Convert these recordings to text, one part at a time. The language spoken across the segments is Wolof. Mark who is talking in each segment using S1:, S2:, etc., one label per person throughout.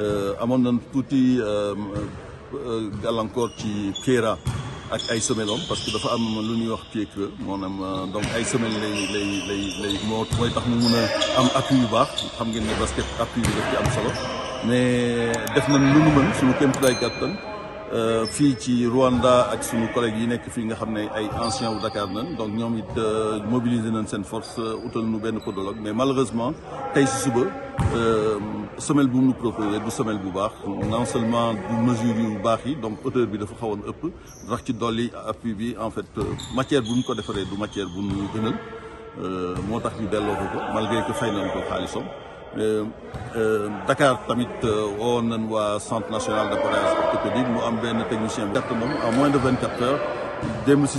S1: Euh, amoon nañ tuuti euh, euh, gàllankoor ci Kéra ak ay semelles parce que dafa am lu ñuy wax pied creux maanaam donc ay semelles lay lay lay tax mu mun a am appui yu baax xam ngeen ne basket appui bi daf ci am solo mais def nañ lu nu mën suñu kéem tolluwaay kàttan. Euh, fi ci Rwanda ak sunu collègues yi nekk fi nga xam ne ay anciens wu Dakar nañ donc ñoom it euh, mobiliser nañ seen force euh, utal nu benn podologue mais malheureusement tey si suba semelle bu mu proposé du semelle bu baax non seulement du mesure yu baax yi donc hauteur bi dafa xawoon ëpp ndax ci dolli appui bi en fait matière bu ñu ko defaree du matière bu ñu gënal moo tax ñu delloo ko malgré que fay nañ ko xaalisam euh, Dakar tamit euh, on wa centre national d'appareil orthopédique nous avons un technicien vertement à moins de 24 heures dem ci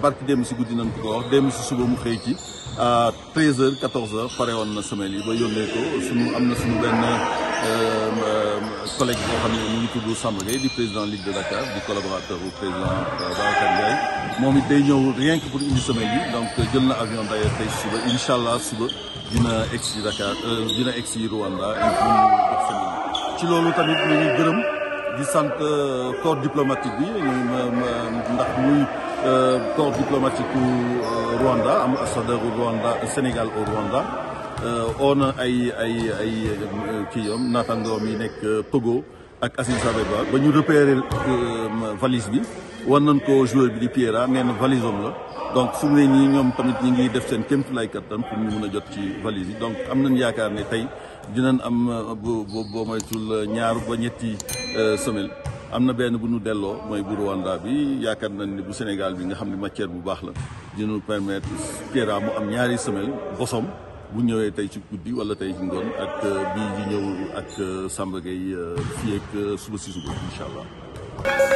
S1: barki dem ci goudi nan ko wax dem ci suba mu xey ci à 13h 14h paré won na semaine yi ba yonné ko suñu amna suñu ben collègue bo xamné ñu ngi tuddu Samba Gueye di président Ligue de Dakar du collaborateur au président Barakat Gueye moom day ñëw rien que pour une semaine bi donc jël na avion d'ailleurs tey suba incha allah suba dina egg si Dakar dina e, egg si Rwanda ci loolu tamit ñu ngi gërëm di sant corps e, diplomatique bi e, ndax muy corps diplomatique u Rwanda am ambassadeur u Rwanda Sénégal au Rwanda oo ay ay ay kii yoom naatangoom yi nekk Togo ak Aziz Abeba ba ñu repérer euh, valise bi wan nañ ko joueur bi di Piera nee na valise am donc fu mu ne nii ñoom tamit ñi ngi def seen kéemtu lay kattan pour ñu mun a jot ci valise donc am nañ yaakaar ne tey dinañ am euh, bu boo moytul euh, ñaar ba ñetti semaine Amna na bu ñu delloo moy bu Rwanda bi yaakaar nañ ni bu Sénégal bi nga xamni matière bu baax la dinañu permettre Piera mu am ñaari semaine bosom bu ñëwee tey ci guddi wala tey ci ngoon ak euh, bii di ñëw ak euh, Samba Gueye euh, fii ak suba si suba incha allah.